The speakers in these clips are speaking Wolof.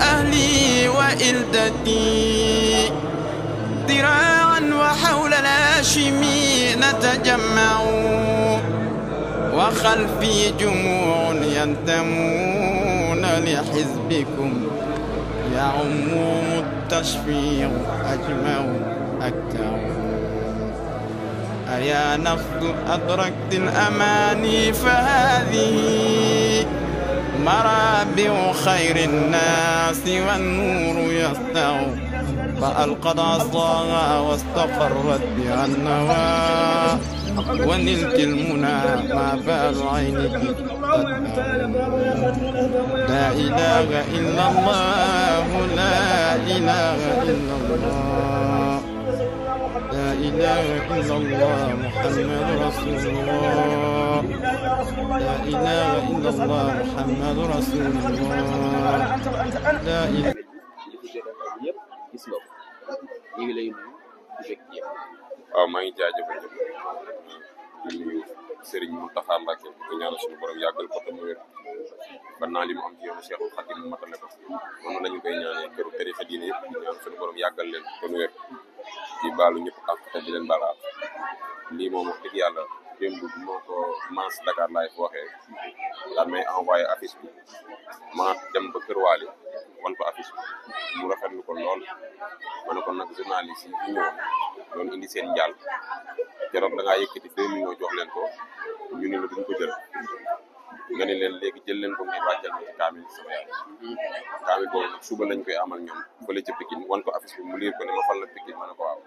أهلي وإلدتي ذراعا وحول الهاشمي نتجمع وخلفي جموع ينتمون لحزبكم يعمهم التشفيع أجمع أكثر أيا نفس أدركت الأماني فهذه مرابع خير الناس والنور يسطع فألقد عصاها واستقرت بها النوى ونلت المنى ما بال عينك لا إله إلا الله لا إله إلا الله إله إلا الله محمد رسول الله لا إله إلا الله محمد رسول الله لا إله waaw maa ngi jaajëfal ñëpp di nuyu Serigne Mountakha Mbacké di ñaanal suñu borom yàggal ko te mu wér ba naa li mu am ci yoonu Cheikhul Khadim matale ko noonu lañu koy ñaanee këru tarixa diine yëpp di ñaan suñu borom yàggal leen te mu wér di baalu ñëpp ak te di leen baal ak lii moom wax dëgg yàlla démb bi moo ko mans Dakar laay ko waxee la envoyé affiche bi ma dem ba Kër Waali wan ko affiche mu rafetlu ko lool ma ne ko nag journaliste yi fi doon indi seen njaal keroog da ngaa yëkkati deux millions jox leen ko ñu ne nga ne leen léegi jël leen ko ngeen wàccal ma ci kaamil mhm. suba lañ koy amal ñoom fële ca Pikine wan ko affiche mu liir ko ne ma fan la ma ne ko waaw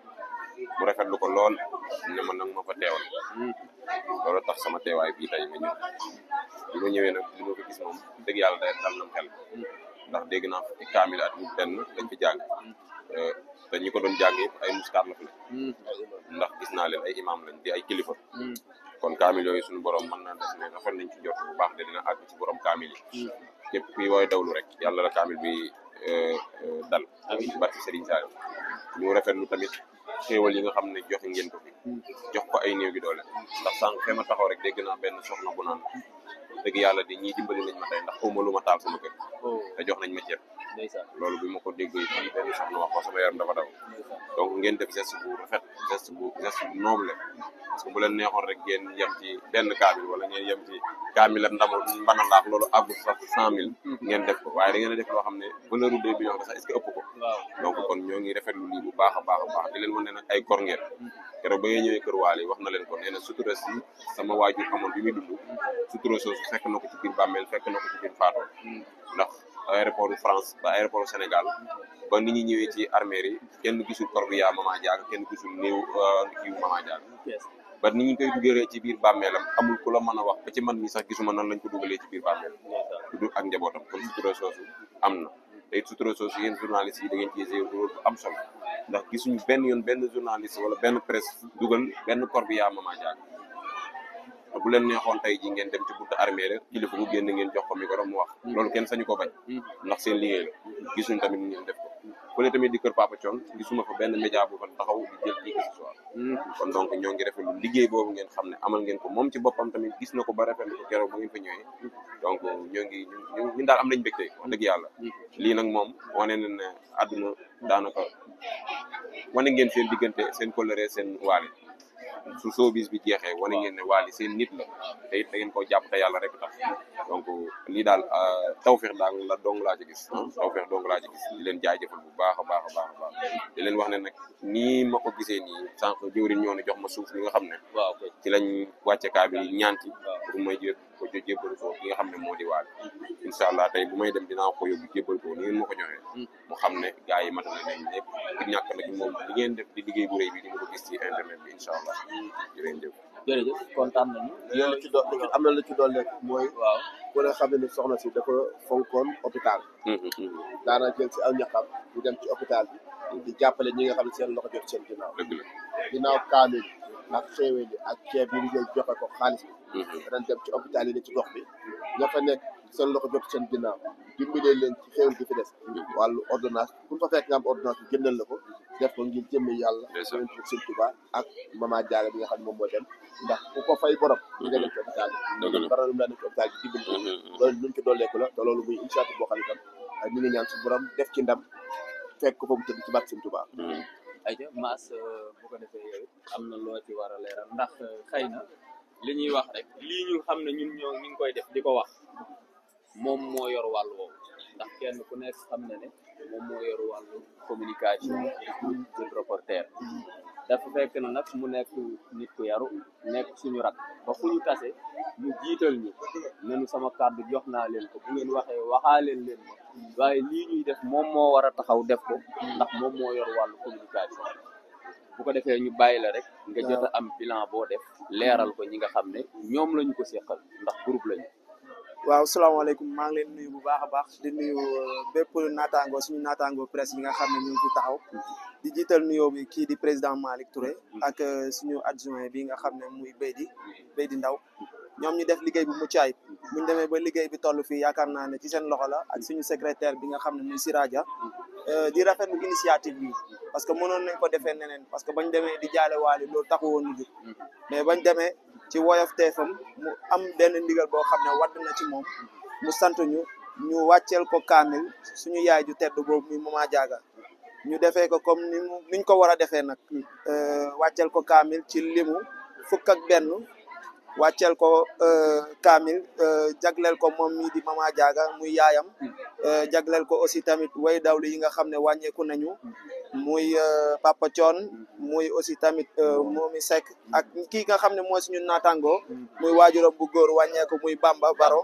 mu rafetlu ko lool ne ma nag ma fa teewal mhm. loolu tax sama teewaay bii tey ma bi ma ñëwee nag li ma ko yàlla day dal mhm. ndax dégg naa fi at mu benn dañ fi jàng euh, te ñi ko doon jàng ay muskaat ndax gis naa leen ay imam lañ di ay kilifa kon kaamil yooyu suñu borom mën na def ne rafet nañ ci jot bu baax de dina àgg ci borom kaamil yi hmm. képp kuy wooy dawlu rek yàlla la kaamil bi euh, euh, dal ci barke Serigne Sall ñu nu tamit xéewal yi nga xam ne joxe ngeen ko fi hmm. jox ko ay néew gi doole ndax sànq fee ma taxaw rek dégg naa benn soxna bu naan dëgg yàlla di ñiy nañ ndax xawma lu ma taal sama kër oh. te jox nañ ma ceeb loolu bi ma ko déggee fii benn soxna wax ko sama yaram dafa daw donc ngeen def geste bu rafet geste bu geste bu noble parce que bu leen neexoon rek ngeen yem ci benn kaamil wala ngeen yem ci kaamil am ndamu mbana laax loolu àggul sax cent mille hmm. ngeen def ko waaye da ngeen a def loo xam ne valeur deux millions sax est-ce bu baax a baax a baax di leen ne nag ay kor ngeen hmm. keroog ba ngeen ñëwee kër waale wax na leen ko nee na si sama waajur amoon bi muy dund sutura soosu fekk na ko ci biir bàmmeel fekk na hmm. ndax aéroport France ba aéroport Sénégal ba nit ñi ñëwee ci armée yi kenn gisul corbillard Mama Diaga kenn gisul néew euh, kiiw Mama Diaga ba ni ñu koy dugalee ci biir bàmmeelam amul ku la mën a wax ba ci man mi sax gisuma nan lañ ko dugalee ci biir bàmmeelam du ak njabootam kon sutura soosu am na te it sutura soosu yéen journaliste yi da ngeen ci jouer am solo ndax gisuñu benn yoon benn journaliste wala benn presse dugal benn corbillard Mama Diaga bu leen neexoon tey ji ngeen dem ci buntu armée la kilifa bu génn ngeen jox ko micro mu wax hmm. loolu kenn sañu ko bañ hmm. ndax seen liggéey la gisuñ tamit ngeen def ko fële tamit di kër Papa Thion gisuma fa benn média bu fa taxaw di jël kii hmm. ñoo ngi rafetlu liggéey boobu ngeen xam ne amal ngeen ko moom ci boppam tamit gis na ko ba rafetlu ko keroog ba ngeen fa ñoo ngi ñun daal am nañ mbégte wax dëgg yàlla lii nag moom wane na ne àdduna daanaka wane ngeen seen diggante seen coloré seen waale su showbiz bi jeexee wane ngeen ne Wally seen nit la te it da ngeen koo yàlla rek tax donc lii daal ah, feex daang la dong laa ci gis tawfeex dong laa ci gis di leen jaajëfal bu baax a baax a baax a baax di leen wax ne nag nii ma ko gisee nii sànq jëwriñ ñoo ne jox ma suuf bi nga xam ne ci lañ wàcce kaa bi ñaanti pour may jël ko jo jébbal ko ki nga xam ne moo di waale incha allah tey bu may dem dinaa ko yóbbu jébbal ko ni ngeen ma ko joxee mu xam ne gars yi matal nañ ñëpp bu ñàkk nag moom li ngeen def di liggéey bu rëy bi di ma ko gis ci internet bi incha allah jërëjëf jërëjëf kontaan nañu yéen ci do am na la ci dool mooy waaw ku ne xam ne soxna si dafa fonkoon hôpital mm-hmm. daana jël si aw ñaqam ñu dem ci hôpital bi di jàppale ñi nga xam ne seen loxo jot seen ginnaaw ginnaaw kaamil ak xéewee ji ak ceeb yi ñu joxe ko xaalis bi mhm. ren dem ci hôpital yi ne ci gox bi ña fa nekk seen loxo jot seen ginnaaw dimbalee leen ci xéewal bi fi des mhm. wàllu ordonnance pour fa fekk nga am ordonnance bi la ko def ko ngir jëmmi yàlla seen pour seen tubaab ak mama jaare bi nga xam ne moom moo dem ndax ku ko fay borom ñu dem mhm. ci hôpital bi bara lu mu daa dem ci hôpital bi dimbali loolu luñ boo xam ne tam ñu ngi def ci ndam fekk ko fa mu tëdd ci baat seen tubaab ayca euh, ko defee yow am na loo ci war a leeral ndax euh, xëy na li ñuy wax rek lii ñu xam na ñun ñoo ñu ngi koy def di ko wax moom moo yor wàll woowu ndax kenn ku nekk xam na ne moom moo yor wàllu communication du reporter dafa fekk na nag mu nekk nit ku yaru nekk suñu rak ba fu ñu tase ñu jiital ñu nenu sama kàddu jox naa leen ko bu ngeen waxee waxaa leen leen waaye lii ñuy def moom moo war a taxaw def ko ndax moom moo yor wàllu communication bu ko defee ñu bàyyi la rek nga jot am bilan boo def leeral ko ñi nga xam ne ñoom lañu ko seqal ndax groupe lañu waaw salaamaaleykum maa ngi leen nuyu bu baax a baax di nuyu euh, bépp naataango suñu naataango presse bi nga xam ne ñu bu taxaw di jiital nuyoo bi kii di président Malick Touré mm. ak euh, suñu adjoint bi nga xam ne muy Beydi Beydi Ndaw ñoom ñu def liggéey bu mucc ayib buñ demee ba liggéey bi toll fii yaakaar naa ne ci seen loxo la ak suñu secrétaire bi nga xam ne muy Siraja euh, di rafet rafetlu initiative bi parce que mënoon nañ ko defee neneen parce que bañ demee di jaale waale loolu taxu woon ñu bañ demee ci woyof teefam mu am benn ndigal boo xam ne wadd na ci moom mu sant ñu ñu wàcceel ko kaamil suñu yaay ju tedd boobu muy Mama Diaga ñu defee ko comme ni mu niñ ko war a defee nag euh, wàcceel ko kaamil ci limu fukk ak benn wàcceel ko euh, kaamil euh, jagleel ko moom mii di Mama jaga muy yaayam mm. euh, jaglel ko aussi tamit way dawlu yi nga xam ne wàññeeku nañu mm. muy euh, Papa Thione muy aussi tamit euh, Momi Seck ak kii nga xam ne mooy suñu naataango muy waajuram bu góor wàññeeku muy Bamba Baro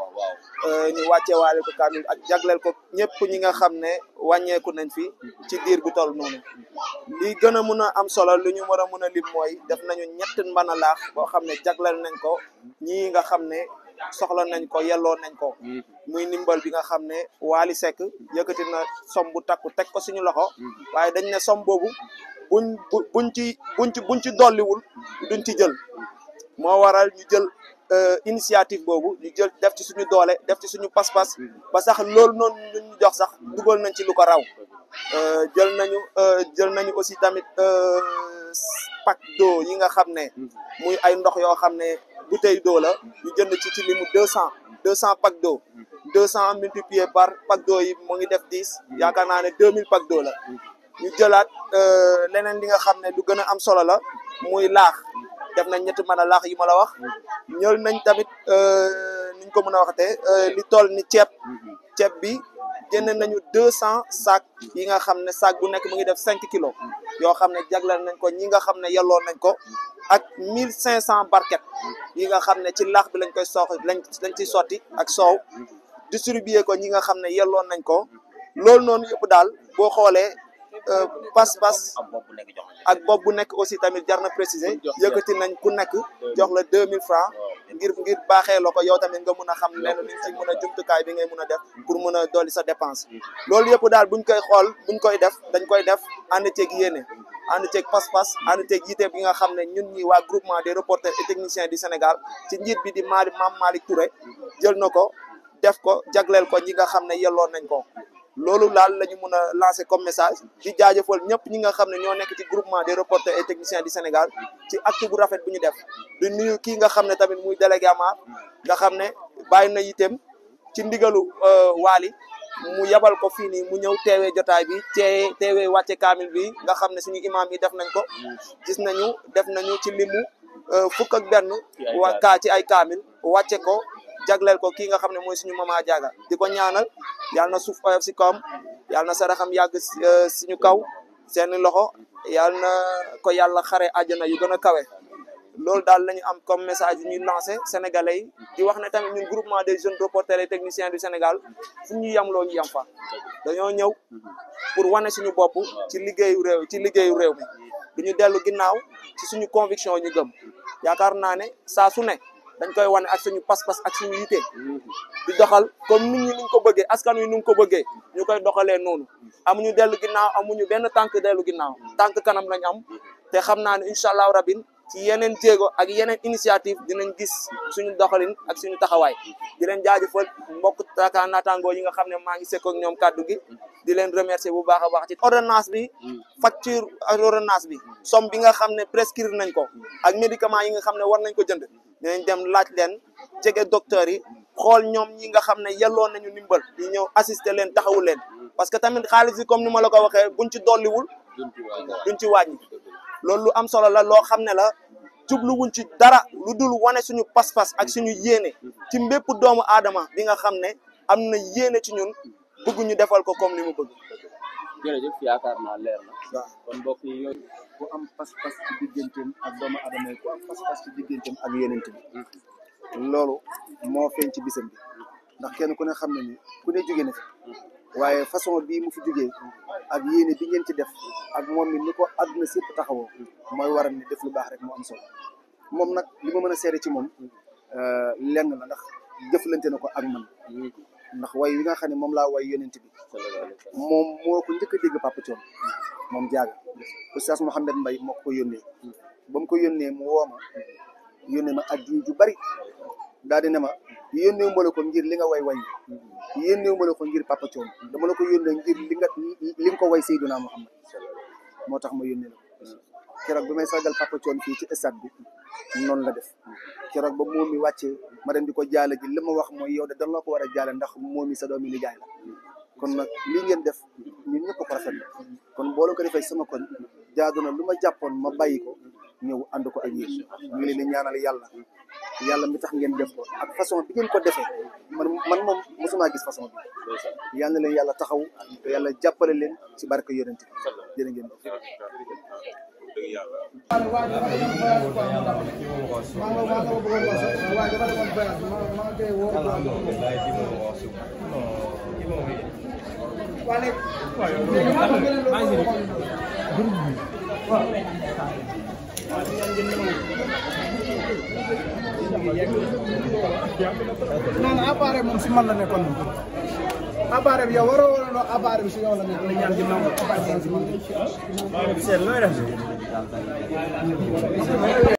euh, ñu wàcce waale ko kaamil ak jagleel ko ñëpp ñi nga xam ne wàññeeku nañ fi ci diir bu toll noonu li gën a mun a am solo lu ñu war a mun a lim mooy def nañu ñett mbana laax boo xam ne jagleel nañ ko ñii nga xam ne soxla nañ ko yelloo nañ ko mm-hmm. muy ndimbal bi nga xam ne Waly sekk yëkkati na som bu takku teg ko suñu loxo mm-hmm. waaye dañ ne som boobu buñ buñ ci buñ ci buñ ci dolliwul duñ ci jël mm-hmm. moo waral ñu jël euh, initiative boobu ñu jël def ci suñu doole def ci suñu pas-pas ba sax loolu noon ñu jox sax dugal nañ ci lu ko raw euh, jël nañu euh, jël nañu aussi tamit pack d'eau yi nga xam ne muy ay ndox yoo xam ne bouteille d'eau la ñu jënd ci ci limu deux cent deux cent pack deux cent multiplié par pack d'eau yi mu ngi def diis yaakaar naa ne deux mille pack d'eau la ñu jëlaat euh, leneen li nga xam ne du gën a am solo la muy laax def nañ ñetti mën a laax yi ma la wax ñël nañ tamit euh, niñ ko mun a waxatee euh, li tol ni ceeb ceeb bi jënd nañu deux cent sacs yi nga xam ne sac bu nekk mu ngi def cinq kilos yoo xam ne jagleel nañ ko ñi nga xam ne yelloo nañ ko ak mille cinq cent barket yi nga xam ne ci laax bi lañ koy soox lañ lañ ciy sotti ak soow distribuer ko ñi nga xam ne yelloo nañ ko loolu noonu yëpp daal boo xoolee Euh, pas-pas ak bopp bu nekk aussi tamit jar na préciser yëkkati nañ ku nekk jox la deux mille francs ngir ngir baaxee la ko yow tamit nga mun a xam lenn li ci mën a jumtukaay bi ngay mun a def mm. pour mun a dolli sa dépense mm. loolu yëpp daal buñ koy xool buñ koy def dañ koy def ànd ceeg yéene mm. ànd ceeg pas-pas ànd ceeg yite bi nga xam ne ñun ñi waa groupement des reporters et techniciens du Sénégal ci njiit bi di Mali Mame Malick Touré jël na ko def ko jagleel ko ñi nga xam ne yelloon nañ ko loolu laal la ñu mën a lancer comme message di jaajëfal ñëpp ñi nga xam ne ñoo nekk ci groupement des reporters et techniciens di Sénégal ci acte bu rafet bu ñu def di nuyu kii nga xam ne tamit muy délégué nga xam ne bàyyi na itam ci ndigalu euh, waali mu yebal ko fii nii mu ñëw teewee jotaay bi teewee teewee wàcce kaamil bi nga xam ne suñu imam yi def nañ ko gis nañu def nañu ci limu euh, fukk ak benn kaa ci ay kaamil wàcce ko jagleel ko kii nga xam ne mooy suñu mama jaaga di ko ñaanal yàlla na suuf oyof si kawam yàlla na saraxam yàgg euh, suñu kaw seen loxo yàlla na ko yàlla xare àjjana yu gën a kawe loolu daal lañu am comme message yu ñuy lancé sénégalais yi di wax ne tamit ñun groupement des jeune reporters et techniciens du Sénégal fu ñu yem loo ñu yem fa dañoo ñëw pour wane suñu bopp ci liggéeyu réew ci liggéeyu réew mi ñu dellu ginnaaw ci suñu conviction ñu gëm yaakaar naa ne saa su ne dañ koy wane ak suñu pas-pas ak suñu yite di doxal comme nit ñi nuñ ko bëggee askan wi nuñ ko bëggee ñu koy doxalee noonu amuñu dellu ginnaaw amuñu benn tànk dellu ginnaaw tànk kanam lañ am te xam naa ne incha allahu rabin ci yeneen jéego ak yeneen initiative dinañ gis suñu doxalin ak suñu taxawaay di leen jaajëfal mbokk takaan naataangoo yi nga xam ne maa ngi sekkoog ñoom kàddu gi di leen remercier bu baax a baax ci ordonnance bi facture ordonnance bi somme bi nga xam ne nañ ko ak médicament yi nga xam ne war nañ ko jënd dinañ dem laaj leen jege docteurs yi xool ñoom ñi nga xam ne yelloon nañu ndimbal ñu ñëw assister leen taxawu leen parce que tamit xaalis yi comme ni ma la ko waxee bu buñ ci dolliwul duñ ci waañ loolu lu am solo la loo xam ne la jubluwuñ ci dara lu dul wane suñu pas-pas ak suñu yéene ci mbépp doomu aadama bi nga xam ne am na yéene ci ñun bëgg ñu defal ko comme ni mu bëgg. jërëjëf yaakaar naa leer ku am pas-pas ci digganteem ak doomu adama yi ku am pas-pas ci digganteem ak yenent bi loolu moo feeñ ci bisam bi ndax kenn ku ne xam na ni ku ne jóge na fi waaye façon bii mu fi jógee ak yéene bi ngeen ci def ak moom mi ni ko àdduna sépp taxawoo mooy waral ni def lu baax rek moo am solo moom nag li ma mën a seere ci moom euh, lenn la ndax jëflante na ko ak man ndax waaye yi nga xam ne moom laa way yonent bi moom moo ko njëkk a dégg Papa moom jaaga oustaz Mouhamed mbay moo ko yónnee ba ko yónnee mu woo ma yónnee ma ak ju bari daal di ne ma yónnee ma la ko ngir li nga way way yónnee ma la ko ngir Papa Thione dama la ko yónnee ngir li nga li nga ko way Seydouna Mouhamed moo tax ma yónnee la keroog may sargal Papa Thione fii ci stade bi noonu la def keroog ba moom mi wàccee ma dem di ko jaale ji li ma wax mooy yow de dan la ko war a jaale ndax moom mi sa doomi nijaay la kon nag lii ngeen def ñun ñëpp ko rafetlu kon boole ko defee sama koñ jaadu na lu ma jàppoon ma bàyyi ko ñëw ànd ko ak yéen ñu ngi leen di ñaanal yàlla yàlla mi tax ngeen def ko ak façon bi ngeen ko defee man man moom mosumaa gis façon bi yal na leen yàlla taxaw te yàlla jàppale leen ci barke yonent bi jërë ngeen def non abaare moom si man la nekkoon abaare bi yow waroo waroo abaare bi si yow la nekkoon ñaan gi nangu abaare bi si man